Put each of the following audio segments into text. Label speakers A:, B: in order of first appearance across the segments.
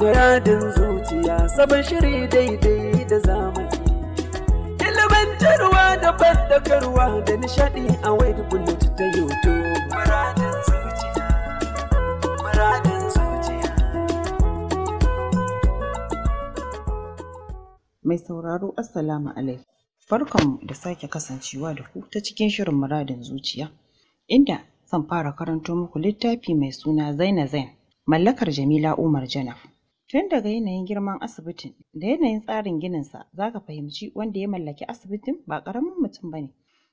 A: Muradin zuciya sabon shiri daidai da zamani. Ilimantarwa da bandakarwa da nishadi a wayar bullet ta YouTube. Muradin zuciya, muradin zuciya. Mai sauraro Assalamu alaikum. Barkanmu da sake kasancewa da ku ta cikin shirin muradin zuciya, inda zan fara karanto muku littafi mai suna Zaina Zain, mallakar Jamila Umar Janaf. Tun daga yanayin girman asibitin da yanayin tsarin gininsa za ka fahimci wanda ya mallaki asibitin ba ƙaramin mutum ba ne.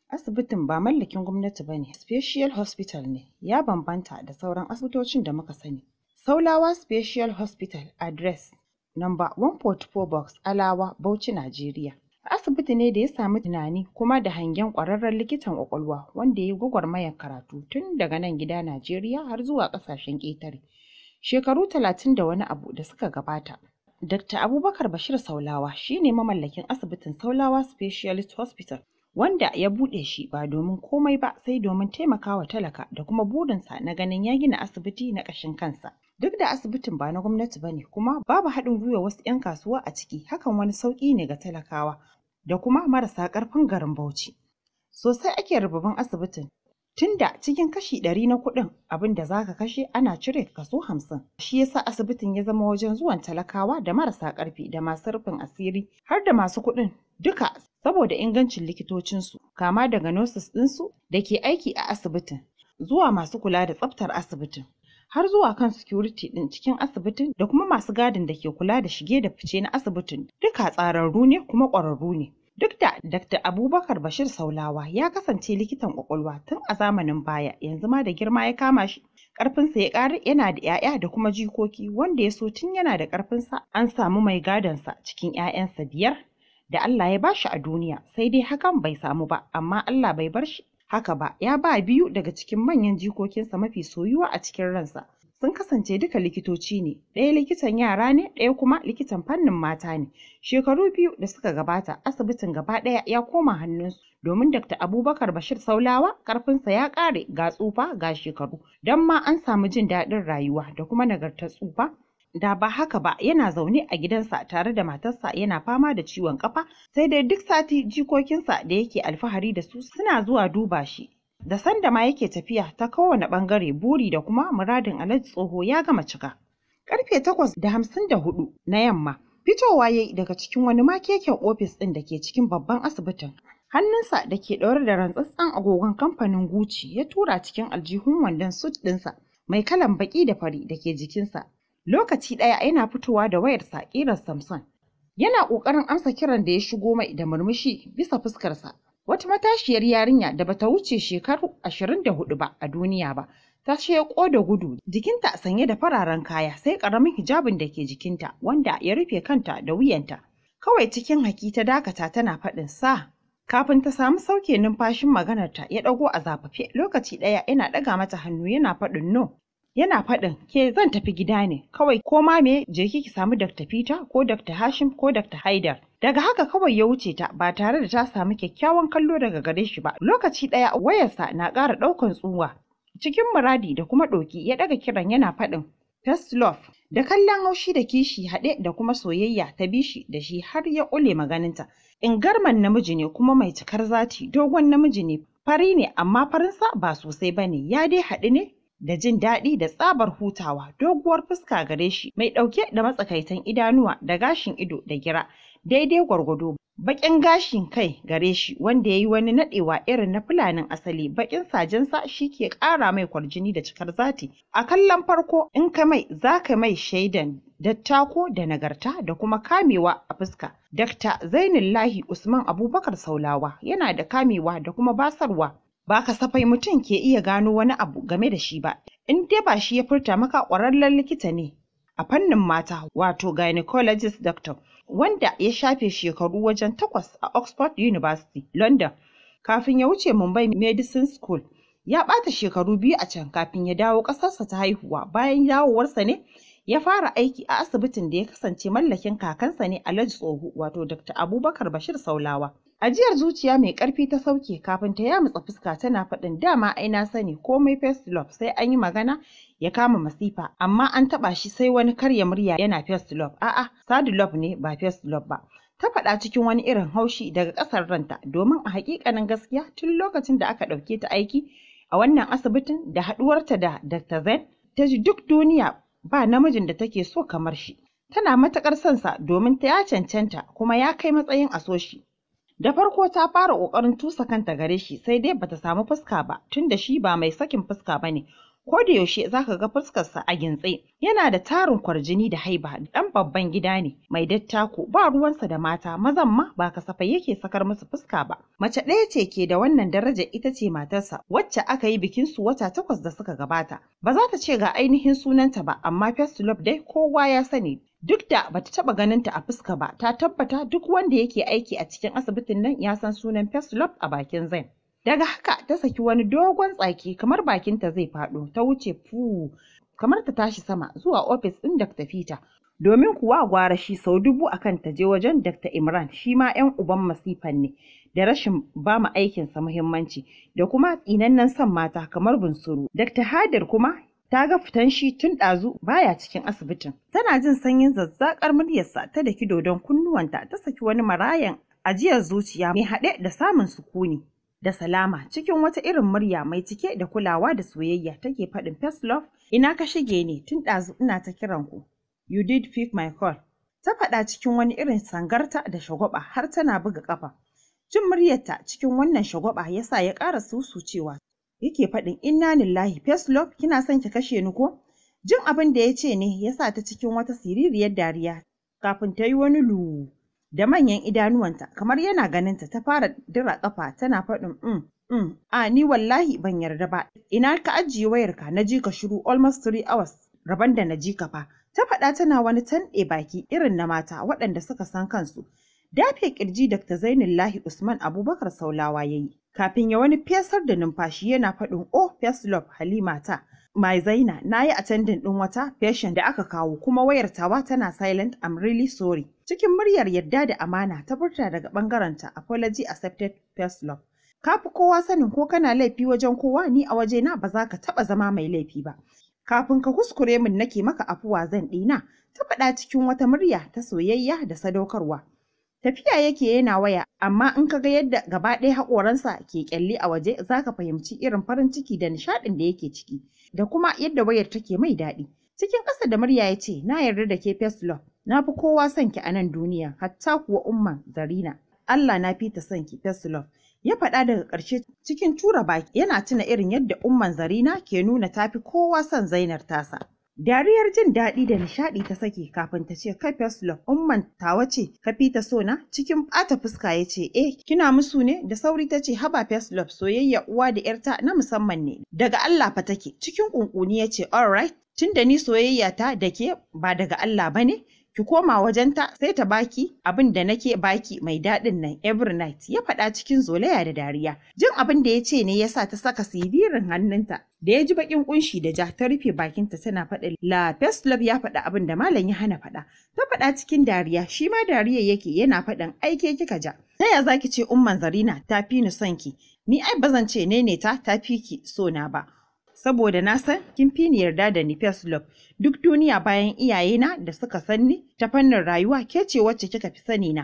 A: Asibitin ba mallakin gwamnati ba ne, Special Hospital ne, ya bambanta da sauran asibitocin da muka sani. Saulawa Special Hospital Address Number 144 Box Alawa, Bauchi, Najeriya. Asibiti ne da ya sami tunani kuma da hangen ƙwararren likitan kwakwalwa wanda ya yi gwagwarmayar karatu tun daga nan gida Najeriya har zuwa ƙasashen ƙetare. Shekaru talatin da wani abu da suka gabata, Dr. Abubakar Bashir Saulawa shi ne mamallakin asibitin Saulawa Specialist Hospital wanda ya buɗe shi ba domin komai ba sai domin taimakawa talaka da kuma burinsa na ganin ya gina asibiti na ƙashin kansa. Duk da asibitin ba na gwamnati ba ne kuma babu haɗin gwiwa wasu 'yan kasuwa a ciki hakan wani sauƙi ne ga talakawa da kuma marasa ƙarfin garin Bauchi. Sosai ake rububin asibitin tunda cikin kashi ɗari na kuɗin abin da za ka kashe ana cire kaso hamsin. Shi yasa asibitin ya zama wajen zuwan talakawa da marasa ƙarfi da masu rufin asiri har da masu kuɗin duka saboda ingancin likitocinsu kama daga nosis ɗinsu da ke aiki a asibitin zuwa masu kula da tsaftar asibitin. har zuwa kan security ɗin cikin asibitin da kuma masu gadin da ke kula da shige da fice na asibitin duka tsararru ne kuma ƙwararru ne Duk da Dr. Abubakar Bashir Saulawa ya kasance likitan kwakwalwa tun a zamanin baya, yanzu ma da girma ya kama shi. Ƙarfinsa ya ƙari yana da 'ya'ya da kuma jikoki wanda ya so tun yana da ƙarfinsa an samu mai gadonsa cikin 'ya'yansa biyar da Allah ya bashi a duniya sai dai hakan bai samu ba amma Allah bai bar shi haka ba ya ba biyu daga cikin manyan jikokinsa mafi soyuwa a cikin ransa sun kasance duka likitoci ne ɗaya likitan yara ne ɗaya kuma likitan fannin mata ne shekaru biyu da suka gabata asibitin gaba ɗaya ya koma hannunsu domin dr abubakar bashir saulawa ƙarfinsa ya ƙare ga tsufa ga shekaru don ma an samu jin daɗin rayuwa da kuma nagartar tsufa da ba haka ba yana zaune a gidansa tare da matarsa yana fama da ciwon ƙafa? sai dai duk sati jikokinsa da yake alfahari da su suna zuwa duba shi da sanda ma yake tafiya ta kowane bangare buri da kuma muradin alhaji tsoho ya gama cika karfe takwas da hamsin da hudu na yamma fitowa ya daga cikin wani makeken ofis ɗin da ke cikin babban asibitin hannunsa da ke ɗaure da rantsatsen agogon kamfanin guci ya tura cikin aljihun wandon sut ɗinsa mai kalan baƙi da fari da ke jikinsa lokaci ɗaya yana fitowa da wayarsa ƙirar samson yana ƙoƙarin amsa kiran da ya shigo mai da murmushi bisa fuskarsa wata matashiyar yarinya da bata wuce shekaru ashirin da hudu ba a duniya ba ta sheƙo da gudu jikinta sanye da fararen kaya sai ƙaramin hijabin da ke jikinta wanda ya rufe kanta da wuyanta kawai cikin haki ta dakata tana faɗin sa kafin ta samu sauke numfashin maganarta ya ɗago a zafafe lokaci ɗaya yana ɗaga mata hannu yana faɗin no yana faɗin ke zan tafi gida ne kawai ko ma me je ki samu Dr. Peter ko Dr. Hashim ko Dr. Haidar. Daga haka kawai ya wuce ta ba tare da ta samu kyakkyawan kallo daga gare shi ba. Lokaci ɗaya wayarsa na ƙara ɗaukan tsuwa. Cikin muradi da kuma ɗoki ya ɗaga kiran yana faɗin First Love da kallon haushi da kishi haɗe da kuma soyayya ta bishi da shi har ya ƙule maganinta. Ingarman namiji ne kuma mai cikar zati dogon namiji ne fari ne amma farinsa ba sosai ba ne. ya dai haɗu ne da jin daɗi da tsabar hutawa doguwar fuska gare shi mai ɗauke da matsakaitan idanuwa da gashin ido da gira daidai gwargwado baƙin gashin kai gare shi wanda ya yi wani naɗewa irin na fulanin asali baƙin sajensa shi ke ƙara mai kwarjini da cikar zati a kallon farko in ka mai za ka mai shaidan dattako da nagarta da kuma kamewa a fuska dakta zainullahi usman abubakar saulawa yana da kamewa da kuma basarwa ba kasafai mutum ke iya gano wani abu game da shi ba in dai ba shi ya furta maka ƙwararren likita ne a fannin mata wato gynecologist doctor wanda ya shafe shekaru wajen takwas a Oxford University London kafin ya wuce Mumbai Medicine School ya ɓata shekaru biyu a can kafin ya dawo ƙasarsa ta haihuwa bayan dawowarsa ne ya fara aiki a asibitin da ya kasance mallakin kakansa ne Alhaji Tsohu wato Dr. Abubakar Bashir Saulawa. Ajiyar zuciya mai karfi ta sauke kafin ta ya mutsa fuska tana faɗin dama ai na sani komai first love sai an yi magana ya kama masifa amma an taɓa shi sai wani karya murya yana first love a'a sad love ne ba first love ba. ta faɗa cikin wani irin haushi daga ƙasar ranta domin a haƙiƙanin gaskiya tun lokacin da aka ɗauke ta aiki a wannan asibitin da haɗuwarta da Dr. Zen ta ji duk duniya ba namijin da take so kamar shi. Tana matakar sonsa domin ta ya cancanta kuma ya kai matsayin a so shi. Da farko ta fara ƙoƙarin tusa kanta gare shi sai dai bata samu fuska ba tunda shi ba mai sakin fuska ba ne. ko da yaushe zaka ga fuskarsa a gintse yana da tarin kwarjini da haiba dan babban gida ne mai dattako ba ruwansa da mata mazan ma ba kasafai yake sakar musu fuska ba mace ɗaya ce ke da wannan daraja ita ce matarsa wacce aka yi bikin su wata takwas da suka gabata ba za ta ce ga ainihin sunanta ba amma Feslob dai kowa ya sani duk da bata taɓa ganinta a fuska ba ta tabbata duk wanda yake aiki a cikin asibitin nan ya san sunan Feslob a bakin zain Daga haka ta saki wani dogon tsaki kamar bakinta zai faɗo ta wuce fu kamar ta tashi sama zuwa ofis ɗin Dr. Peter. Domin kuwa gwara shi sau dubu akan ta je wajen Dr. Imran shi ma 'yan uban masifan ne da rashin ba mu aikinsa muhimmanci da kuma tsinannen son mata kamar bunsuru. Dr. Hadir kuma ta ga fitan shi tun ɗazu baya cikin asibitin. Tana jin sanyin zazzakar muryarsa ta da kido don kunnuwanta ta saki wani marayan ajiyar zuciya mai haɗe da samun sukuni. da salama cikin wata irin murya mai cike da kulawa da soyayya take faɗin first love ina ka shige ne tun ɗazu ina ta kiranku. ku you did pick my call ta faɗa cikin wani irin sangarta da shagwaba har tana buga ƙafa jin muryarta cikin wannan shagwaba ya kara ya ƙara cewa. yake faɗin inna lillahi first love kina son ki kashe ni ko jin abin da ya ce ne yasa ta cikin wata siririyar dariya kafin ta yi wani luhu. da manyan idanuwanta kamar yana ganinta ta fara dira ƙafa tana faɗin um um a ni wallahi ban yarda ba ina ka ajiye wayarka na ji ka shiru almost three hours rabon da na ji ka fa ta faɗa tana wani tanɗe baki irin na mata waɗanda suka san kansu dafe kirji Dr. Zainullahi Usman Abubakar Saulawa ya yi kafin ya wani fesar da numfashi yana faɗin oh first love Halima ta mai zaina na yi attending ɗin wata fashion da aka kawo kuma wayar tawa tana silent I'm really sorry Cikin muryar yadda da amana ta furta daga bangaranta Apology Accepted First Love. Ka fi kowa sanin ko kana laifi wajen kowa ni a wajena ba za ka taɓa zama mai laifi ba. Kafin ka kuskure min nake maka afuwa zan ɗina, ta faɗa cikin wata murya ta soyayya da sadaukarwa. Tafiya yake yana waya, amma in ka ga yadda gaba ɗaya haƙoransa ke ƙyalli a waje za ka fahimci irin farin ciki da nishaɗin da yake ciki, da kuma yadda wayar take mai daɗi. Cikin ƙasa da murya ya ce, na yarda da ke First Love, Na fi kowa son ki a nan duniya, hatta kuwa umman Zarina. Allah na fi ta son ki, best love. Ya faɗa daga ƙarshe cikin tura baki yana tuna irin yadda umman Zarina ke nuna tafi kowa son Zainar tasa. Dariyar jin daɗi da nishaɗi ta sake kafin ta ce kai Feslo umman tawa ce ka fi ta na? cikin ɓata fuska ya ce eh kina musu ne da sauri ta ce haba Feslo soyayya uwa da ‘yarta na musamman ne daga Allah fa take cikin ƙunƙuni ya ce alright tunda ni soyayya ta da ke ba daga Allah ba ne ki koma wajenta sai ta baki abin da nake baki mai daɗin nan every night ya faɗa cikin zolaya da dariya jin abin da ya ce ne yasa ta saka siririn hannunta da ya ji bakin kunshi da ja ta rufe bakinta tana faɗa la best love ya faɗa abin da malam ya hana faɗa ta faɗa cikin dariya shi ma dariya yake yana faɗan aike kika ja ta ya zaki ce umman zarina ta fi ni son ki ni ai bazan ce ne ne ta ta fi ki so na ba saboda na san kin fi ni yarda da ni first love duk duniya bayan iyayena da suka san ni ta fannin rayuwa ke ce wacce kika fi sani na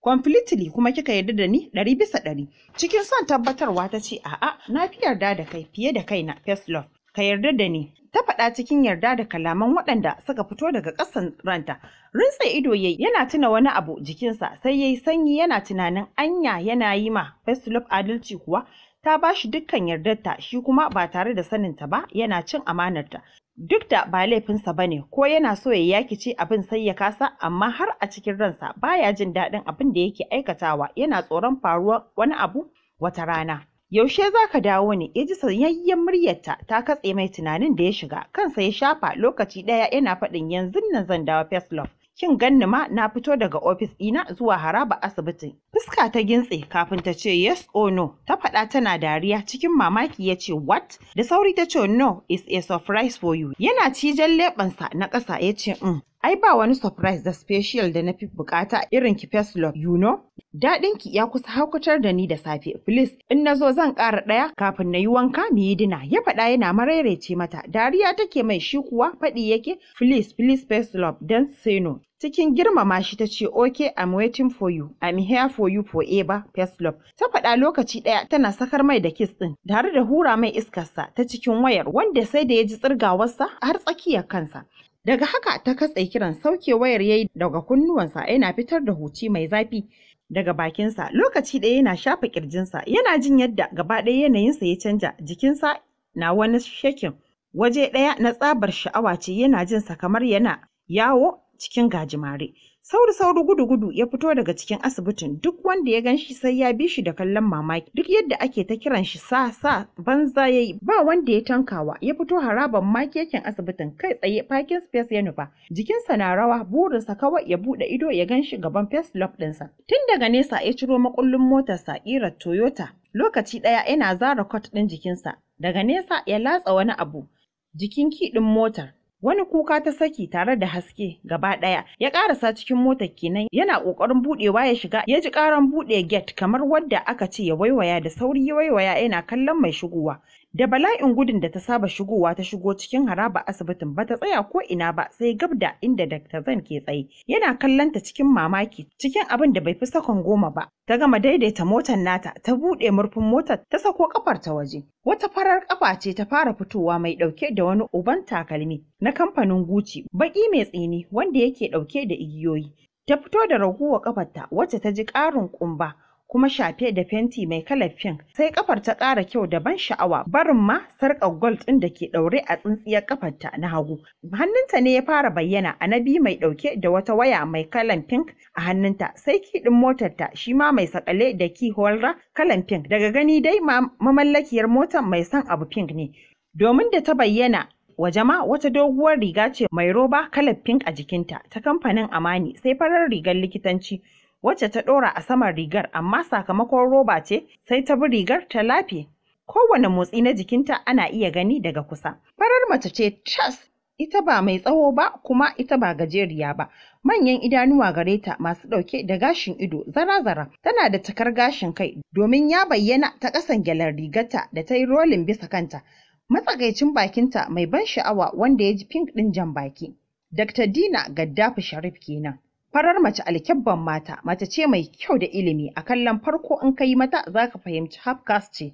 A: completely kuma kika yarda da ni ɗari bisa ɗari cikin son tabbatarwa ta ce a'a na fi yarda da kai fiye da kaina first love ka yarda da ni ta faɗa cikin yarda da kalaman waɗanda suka fito daga ƙasan ranta rintsa ido yayi yana tuna wani abu jikinsa sai yayi sanyi yana tunanin anya yana yi ma first love adalci kuwa ta ba shi dukkan yardarta shi kuma ba tare da saninta ba yana cin amanarta duk da ba laifinsa ba ne ko yana so ya yakice abin sai ya kasa amma har a cikin ransa baya jin daɗin abin da yake aikatawa yana tsoron faruwar wani abu wata rana yaushe za ka dawo ne ya ji sanyayyen muryarta ta katse mai tunanin da ya shiga kansa ya shafa lokaci ɗaya yana faɗin yanzu nan zan dawo first kin ganni ma na fito daga ofis ɗina zuwa haraba asibitin. Fuska ta gintse kafin ta ce yes or no, ta faɗa tana dariya cikin mamaki ya ce what? Da sauri ta ce no is a surprise for you. Yana cijan leɓensa na ƙasa ya ce mm. Ai ba wani surprise da special da na fi bukata irin ki face love, you know? Daɗin ki ya kusa haukutar da ni da safe, please. In na zo zan ƙara ɗaya kafin na yi wanka mu yi dina. Ya faɗa yana mararece mata. Dariya take mai shi kuwa faɗi yake, please, please face love, don say no. cikin girmama shi ta ce okay I'm waiting for you I'm here for you forever first love ta faɗa lokaci ɗaya tana sakar mai da kiss ɗin tare da hura mai iskarsa ta cikin wayar wanda sai da ya ji tsirgawarsa har tsakiyar kansa Daga haka ta katse kiran sauke wayar yayi daga kunnuwansa yana fitar da huci mai zafi daga bakinsa lokaci ɗaya yana shafa kirjinsa yana jin yadda gaba ɗaya yanayinsa ya canja jikinsa na wani shakin waje ɗaya na tsabar sha'awa ce yana jinsa kamar yana yawo cikin gajimare Sauri sauri gudu gudu ya fito daga cikin asibitin duk wanda ya ganshi sai ya bi shi da kallon mamaki duk yadda ake ta kiran shi sa sa banza ya yi. ba wanda ya tankawa ya fito haraban makekin asibitin kai tsaye parking space ya nufa jikinsa na rawa burinsa kawai ya bude ido ya ganshi shi gaban face lock dinsa tun daga nesa ya ciro makullin motarsa ƙirar Toyota lokaci ɗaya yana zara kot din jikinsa daga nesa ya latsa wani abu jikin kiɗin motar Wani kuka ta saki tare da haske gaba ɗaya ya ƙarasa cikin motar kenan yana ƙoƙarin buɗewa ya shiga ya ji ƙaran buɗe gate kamar wadda aka ce ya waiwaya da sauri ya waiwaya yana kallon mai shigowa. Da bala'in gudun da ta saba shigowa ta shigo cikin haraba asibitin ba ta tsaya ko ina ba sai gabda inda Dr. Zan ke tsaye. Yana kallon ta cikin mamaki cikin abin da bai fi sakon goma ba. Ta gama daidaita motar nata ta buɗe murfin motar ta sako kafar ta waje. Wata farar kafa ce ta fara fitowa mai ɗauke da wani uban takalmi na kamfanin Guci, baki mai tsini wanda yake ɗauke da igiyoyi. Ta fito da raguwa kafarta wacce ta ji ƙarin ƙumba kuma shafe da fenti mai kalar pink sai kafar ta ƙara kyau da ban sha'awa barin ma sarƙar gold ɗin da ke ɗaure a tsintsiyar kafarta na hagu hannunta ne ya fara bayyana a biyu mai ɗauke da wata waya mai kalan pink a hannunta sai kiɗin motarta shi ma mai sakale da ki holra kalan pink daga gani dai ma mamallakiyar motar mai son abu pink ne domin da ta bayyana wa ma wata doguwar riga ce mai roba kalar pink a jikinta ta kamfanin Amani sai farar rigar likitanci wacce ta ɗora a saman rigar amma sakamakon roba ce sai ta bi rigar ta lafe. Kowane motsi na jikinta ana iya gani daga kusa. Farar mace ce cas ita ba mai tsawo ba kuma ita ba gajeriya ba. Manyan idanuwa gare ta masu ɗauke da gashin ido zara-zara tana da takar gashin kai domin ya bayyana ta ƙasan gyalar rigarta da ta yi rolin bisa kanta. Matsakaicin bakinta mai ban sha'awa wanda ya ji pink ɗin jan baki. Dr. Dina Gaddafi Sharif kenan. Farar mace alkyabban mata, mace ce mai kyau da ilimi a kallon farko in ka yi mata za ka fahimci Hafkas ce.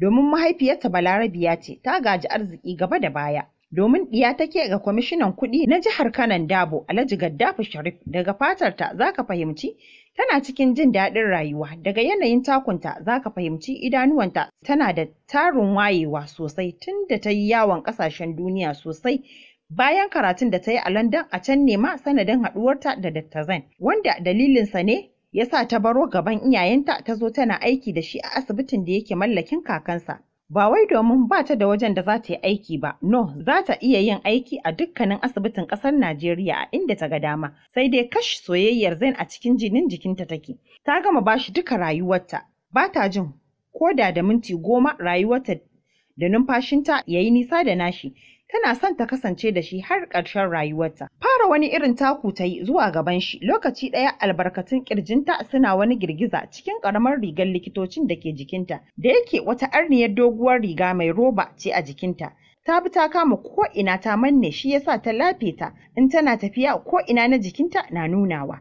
A: Domin mahaifiyarta Balarabiya ce ta gaji arziki gaba da baya. Domin ɗiya take ga kwamishinan kuɗi na jihar Kanan Dabo Alhaji Gaddafi Sharif daga fatarta za ka fahimci tana cikin jin daɗin rayuwa daga yanayin takunta za ka fahimci idanuwanta tana da tarin wayewa sosai tun da ta yi yawon ƙasashen duniya sosai Bayan karatun da ta yi a London a can nema ma sanadin haɗuwarta da Dr. Zhang, wanda dalilinsa ne ya sa ta baro gaban iyayenta ta zo tana aiki da shi a asibitin da yake mallakin kakansa. Ba wai domin ba ta da wajen da za ta yi aiki ba, no, za ta iya yin aiki a dukkanin asibitin ƙasar Najeriya a inda ta ga dama, sai dai kash soyayyar Zain a cikin jinin jikinta take. Ta gama ba shi duka rayuwarta, ba ta jin ko da da minti goma rayuwarta da numfashinta ya yi nisa da nashi, tana son ta kasance da shi har ƙarshen rayuwarta. Fara wani irin taku ta yi zuwa gaban shi lokaci ɗaya albarkatun ƙirjinta suna wani girgiza cikin ƙaramar rigar likitocin da ke jikinta da yake wata arniyar doguwar riga mai roba ce a jikinta. ta bi ta kama ko ina ta manne shi yasa ta lafe ta in tana tafiya ko ina na jikinta na nunawa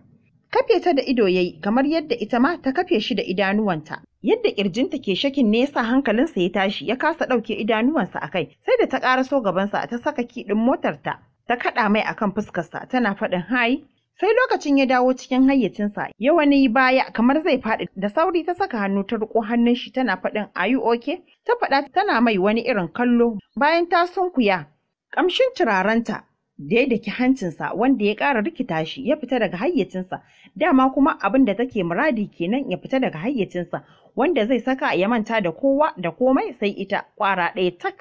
A: Kafe ta da ido yayi kamar yadda ita ma ta kafe shi da idanuwanta. Yadda kirjinta ke shakin ne yasa hankalinsa ya tashi ya kasa ɗauke idanuwansa a kai sai da ta ƙaraso gabansa ta saka kiɗin motarta ta kaɗa mai akan fuskarsa tana faɗin hai sai lokacin ya dawo cikin hayyacinsa ya wani baya kamar zai faɗi da sauri ta saka hannu ta riko hannun shi tana faɗin ayu oke ta faɗa tana mai wani irin kallo bayan ta sunkuya ƙamshin turaranta. da ya daki hancinsa wanda ya ƙara rikita shi ya fita daga hayyacinsa dama kuma abin da take muradi kenan ya fita daga hayyacinsa wanda zai saka ya manta da kowa da komai sai ita ƙwara ɗaya tak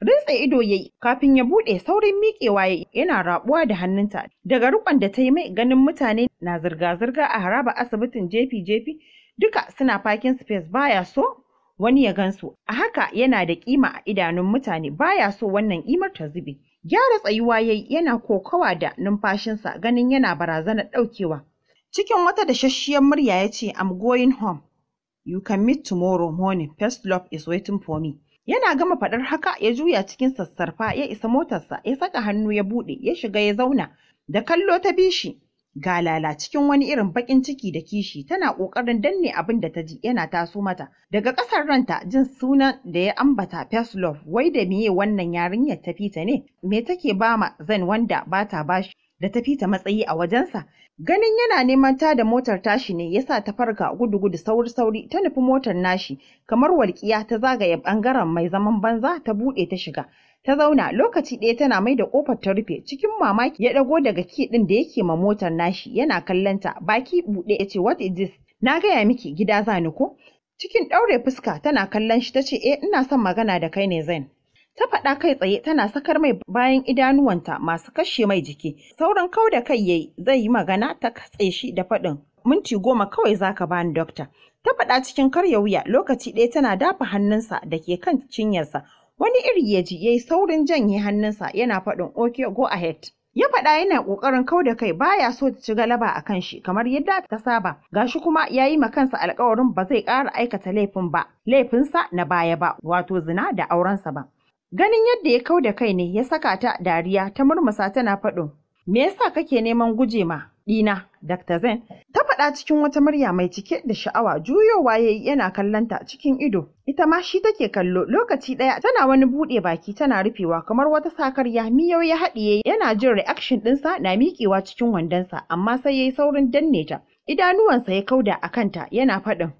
A: rintsa ido yayi kafin ya buɗe saurin miƙewa yayi yana rabuwa da hannunta daga rikon da ta yi mai ganin mutane na zirga-zirga a haraba asibitin jefi-jefi duka suna fakin space baya so wani ya gansu a haka yana da kima a idanun mutane baya so wannan kimar ta zube gyara tsayuwa yayi yana kokawa da numfashinsa ganin yana barazanar ɗaukewa cikin wata dashashshiyar murya ya ce I'm going home you can meet tomorrow morning first love is waiting for me yana gama faɗar haka ya juya cikin sassarfa ya isa motarsa ya saka hannu ya buɗe ya shiga ya zauna da kallo ta bishi Ga Lala cikin wani irin baƙin ciki da kishi tana ƙoƙarin danne abin da ta ji yana taso mata. Daga ƙasar ranta jin sunan da ya ambata first love wai da miye wannan yarinyar ta fita ne? Me take ba ma zan wanda ba ta bashi da ta fita matsayi a wajensa? Ganin yana neman ta da motar tashi ne yasa ta farka gudu-gudu sauri-sauri ta nufi motar nashi kamar walƙiya ta zagaye ɓangaren mai zaman banza ta buɗe ta shiga. ta zauna lokaci ɗaya tana mai da kofar ta rufe cikin mamaki ya ɗago daga ki ɗin da yake ma motar nashi yana kallonta. baki buɗe ya ce what is this na gaya miki gida za ni ko cikin ɗaure fuska tana kallon shi ta ce eh ina son magana da kai ne zan ta faɗa kai tsaye tana sakar mai bayan idanuwanta masu kashe mai jiki sauran kau da kai yayi zai yi magana ta katse shi da faɗin minti goma kawai zaka bani dokta ta faɗa cikin karya wuya lokaci ɗaya tana dafa hannunsa da ke kan cinyarsa Wani iri ya ji ya yi saurin janye hannunsa yana faɗin okay go ahead. Ya faɗa yana ƙoƙarin kau da kai baya so ta ci galaba a kan shi kamar yadda ta saba. shi kuma ya yi ma kansa alkawarin ba zai ƙara aikata laifin ba, laifinsa na baya ba, wato zina da aurensa ba. Ganin yadda ya kau da kai ne ya saka ta dariya ta murmusa tana faɗin Me yasa kake neman guje ma ɗina, Dr. Zen? Ta faɗa cikin wata murya mai cike da sha'awa juyowa ya yi yana kallonta cikin ido. Ita ma shi take kallo lokaci ɗaya tana wani buɗe baki tana rufewa kamar wata sakarya miyau ya haɗiye yana jin reaction ɗinsa na miƙewa cikin wandonsa amma sai ya yi saurin danne ta. Idanuwansa ya kauda a kanta yana faɗin.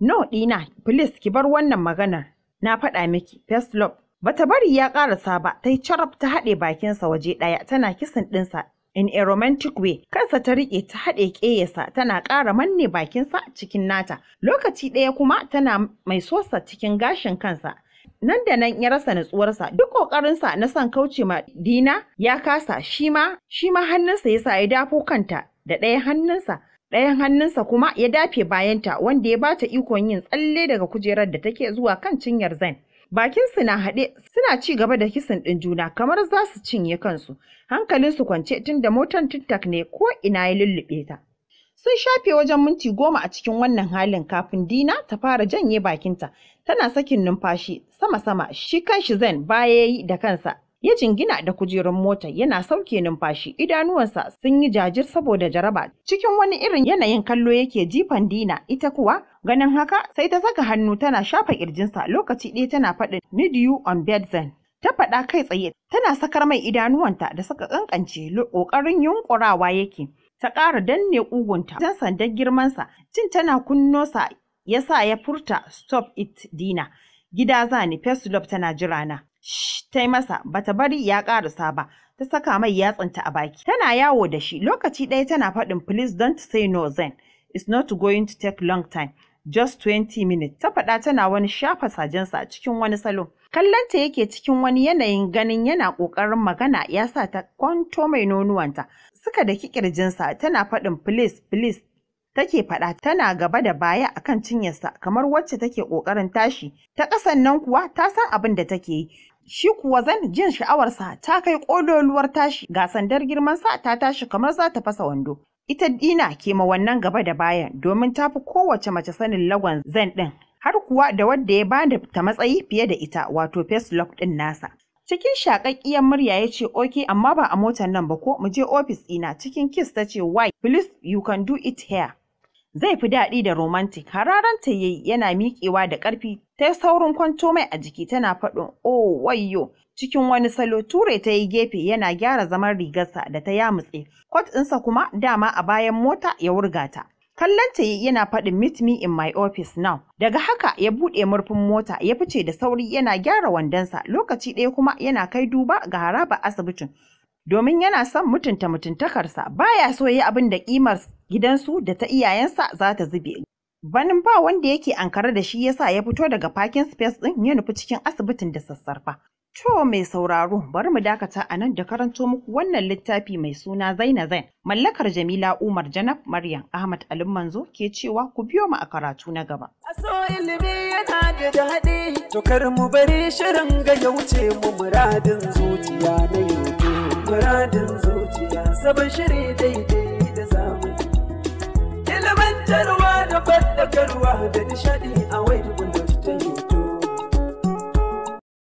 A: No ɗina, please ki bar wannan maganar. Na faɗa miki, first love. Bata bari ya karasa ba, ta yi carab ta haɗe bakinsa waje ɗaya tana kisan ɗinsa in a romantic way kansa ta riƙe ta haɗe ƙeyasa tana ƙara manne bakinsa cikin nata lokaci ɗaya kuma tana mai sosa cikin gashin kansa nan da nan ya rasa natsuwarsa duk ƙoƙarinsa na son kauce ma dina ya kasa shi ma hannunsa ya sa ya dafo kanta da ɗayan hannunsa ɗayan hannunsa kuma ya dafe bayanta wanda ya bata ikon yin tsalle daga kujerar da take zuwa kan cinyar zan. bakinsu na haɗe suna ci gaba da kisan ɗin juna kamar za su cinye kansu hankalinsu kwance tun da motar tiktok ne ko ina ya lullube ta sun shafe wajen minti goma a cikin wannan halin kafin dina ta fara janye bakinta tana sakin numfashi sama-sama shi kanshi zan baya yi da kansa ya jingina da kujerun mota yana sauke numfashi idanuwansa sun yi jajir saboda jaraba cikin wani irin yanayin kallo yake jifan dina ita kuwa ganin haka sai ta saka hannu tana shafa kirjinsa lokaci ɗaya tana faɗin need you on bed then ta faɗa kai tsaye tana sakar mai idanuwanta da suka kankance ƙoƙarin yunƙurawa yake ta ƙara danne ƙugunta don sandan girmansa cin tana kunnosa ya sa ya furta stop it dina gida za ni tana jirana. ta yi masa bata bari ya ƙarasa ba ta saka mai yatsanta a baki tana yawo da shi lokaci ɗaya tana faɗin please don't say no then it's not going to take long time just 20 minutes ta faɗa tana wani shafa sajensa a cikin wani salo kallonta yake cikin wani yanayin ganin yana ƙoƙarin magana ya sa ta kwanto mai nonuwanta suka da kirjinsa tana faɗin please please take faɗa tana gaba da baya akan cinyarsa kamar wacce take ƙoƙarin tashi ta ƙasan nan kuwa ta san abin da take yi shi kuwa zan jin sha'awarsa ta kai ƙololuwar tashi ga sandar sa ta tashi kamar za ta fasa wando. Ita Dina ke ma wannan gaba da bayan domin ta fi kowace mace sanin lagon zan ɗin har kuwa da wadda ya bani ta matsayi fiye da ita wato Lock ɗin nasa. Cikin shakakkiyar murya ya ce, "Oke, amma ba a motar nan ba ko mu je ofis ɗina." Cikin kiss ta ce, "Why? Please, you can do it here." Zai fi daɗi da romantic, hararanta yayi yana miƙewa da ƙarfi ta saurin kwanto mai a jiki tana faɗin oh wayo. cikin wani salo ture ta yi gefe yana gyara zaman rigarsa da ta yamutse kwat ɗinsa kuma dama a bayan mota ya wurga ta kallon ta yana faɗin meet me in my office now daga haka ya buɗe murfin mota ya fice da sauri yana gyara wandonsa lokaci ɗaya kuma yana kai duba ga haraba asibitin domin yana son mutunta mutuntakarsa baya so ya abin da ƙimar gidansu da ta iyayensa za ta zube Banin ba wanda yake ankara da shi yasa ya fito daga parking space ɗin ya nufi cikin asibitin da sassarfa. To mai sauraro bari mu dakata a nan da karanto muku wannan littafi mai suna Zaina Zain mallakar Jamila Umar Janab Maryam Ahmad Ali Manzo ke cewa ku biyo mu a karatu na gaba. Aso ilimi yana da daɗi to kar mu bari shirin ga ya wuce mu muradin zuciya na yau muradin zuciya sabon shiri daidai Ilimantarwa da faɗakarwa da nishaɗi a waidu